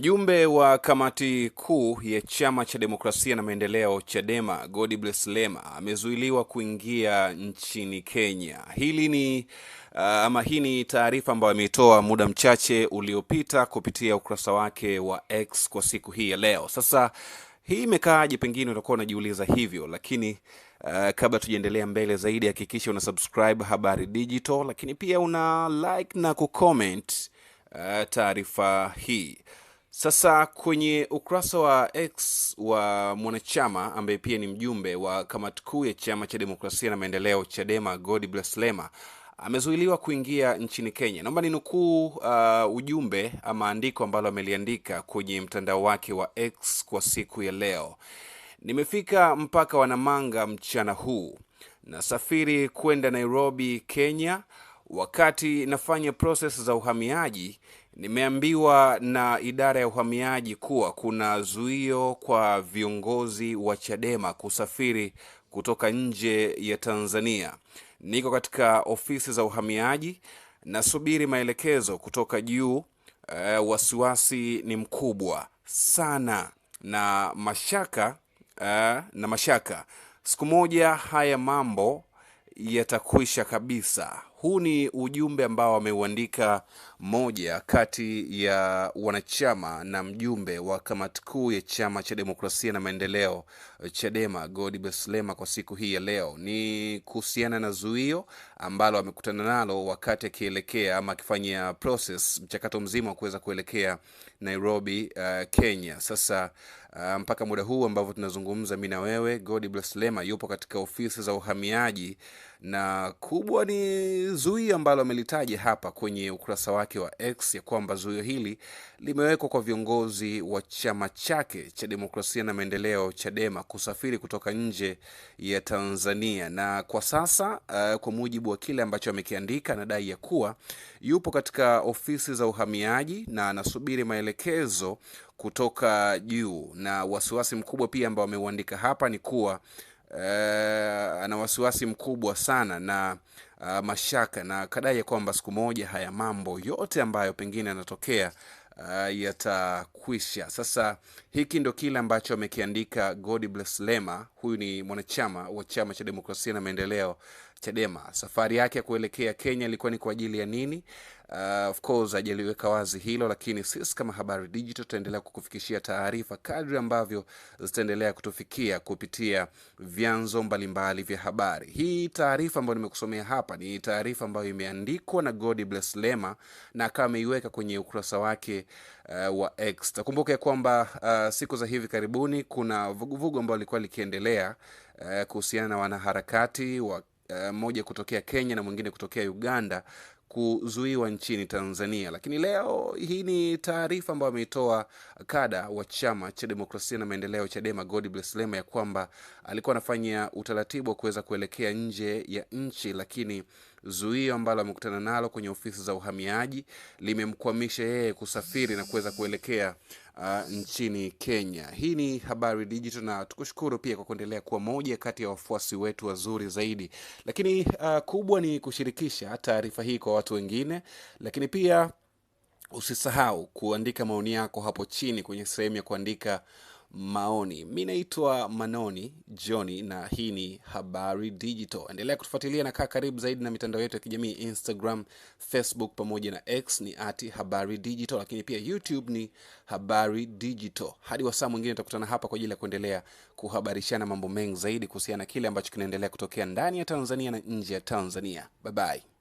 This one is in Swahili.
Mjumbe wa kamati kuu ya chama cha demokrasia na maendeleo Chadema, Godbless Lema amezuiliwa kuingia nchini Kenya. Hili ni uh, ama hii ni taarifa ambayo ametoa muda mchache uliopita kupitia ukurasa wake wa X kwa siku hii ya leo. Sasa hii imekaaje? Pengine utakuwa unajiuliza hivyo, lakini Uh, kabla tujaendelea mbele zaidi, hakikisha una subscribe Habari Digital, lakini pia una like na kucomment uh, taarifa hii. Sasa kwenye ukurasa wa X wa mwanachama ambaye pia ni mjumbe wa kamati kuu ya chama cha demokrasia na maendeleo Chadema, Godbless Lema amezuiliwa kuingia nchini Kenya. Naomba nukuu uh, ujumbe amaandiko ambalo ameliandika kwenye mtandao wake wa X kwa siku ya leo. Nimefika mpaka wanamanga mchana huu, nasafiri kwenda Nairobi, Kenya Wakati nafanya proses za uhamiaji, nimeambiwa na idara ya uhamiaji kuwa kuna zuio kwa viongozi wa Chadema kusafiri kutoka nje ya Tanzania. Niko katika ofisi za uhamiaji, nasubiri maelekezo kutoka juu. E, wasiwasi ni mkubwa sana na mashaka e, na mashaka. Siku moja haya mambo yatakwisha kabisa. Huu ni ujumbe ambao wameuandika moja kati ya wanachama na mjumbe wa kamati kuu ya chama cha demokrasia na maendeleo Chadema, Godbless Lema, kwa siku hii ya leo. Ni kuhusiana na zuio ambalo amekutana nalo wakati akielekea ama akifanyia process mchakato mzima wa kuweza kuelekea Nairobi, uh, Kenya. Sasa uh, mpaka muda huu ambavyo tunazungumza mi na wewe, godi Lema yupo katika ofisi za uhamiaji na kubwa ni zuio ambalo amelitaja hapa kwenye ukurasa wake wa X ya kwamba zuio hili limewekwa kwa viongozi wa chama chake cha demokrasia na maendeleo Chadema kusafiri kutoka nje ya Tanzania, na kwa sasa uh, kwa mujibu wa kile ambacho amekiandika, anadai ya kuwa yupo katika ofisi za uhamiaji na anasubiri maelekezo kutoka juu, na wasiwasi mkubwa pia ambao ameuandika hapa ni kuwa uh, ana wasiwasi mkubwa sana na uh, mashaka na kadai ya kwamba siku moja haya mambo yote ambayo pengine yanatokea uh, yatakwisha. Sasa hiki ndo kile ambacho amekiandika godi Lema huyu ni mwanachama wa chama cha demokrasia na maendeleo Chadema. Safari yake ya kuelekea Kenya ilikuwa ni kwa ajili ya nini? Uh, of course hajaliweka wazi hilo, lakini sisi kama Habari Digital tutaendelea kukufikishia taarifa kadri ambavyo zitaendelea kutufikia kupitia vyanzo mbalimbali vya habari. Hii taarifa ambayo nimekusomea hapa ni taarifa ambayo imeandikwa na Godbless Lema na akawa ameiweka kwenye ukurasa wake uh, wa X. Takumbuke kwamba uh, siku za hivi karibuni kuna vuguvugu ambalo likuwa likiendelea Korea uh, eh, kuhusiana na wanaharakati wa mmoja eh, uh, kutokea Kenya na mwingine kutokea Uganda kuzuiwa nchini Tanzania. Lakini leo hii ni taarifa ambayo ameitoa kada wa chama cha demokrasia na maendeleo Chadema, Godbless Lema, ya kwamba alikuwa anafanya utaratibu wa kuweza kuelekea nje ya nchi, lakini zuio ambalo amekutana nalo kwenye ofisi za uhamiaji limemkwamisha yeye kusafiri na kuweza kuelekea uh, nchini Kenya. Hii ni Habari Digital na tukushukuru pia kwa kuendelea kuwa moja kati ya wafuasi wetu wazuri zaidi, lakini uh, kubwa ni kushirikisha taarifa hii kwa watu wengine, lakini pia usisahau kuandika maoni yako hapo chini kwenye sehemu ya kuandika maoni. Mi naitwa Manoni Joni na hii ni Habari Digital. Endelea kutufuatilia na kaa karibu zaidi na mitandao yetu ya kijamii Instagram, Facebook pamoja na X ni ati Habari Digital, lakini pia YouTube ni Habari Digital. Hadi wasaa mwingine utakutana hapa kwa ajili ya kuendelea kuhabarishana mambo mengi zaidi kuhusiana na kile ambacho kinaendelea kutokea ndani ya Tanzania na nje ya Tanzania. babai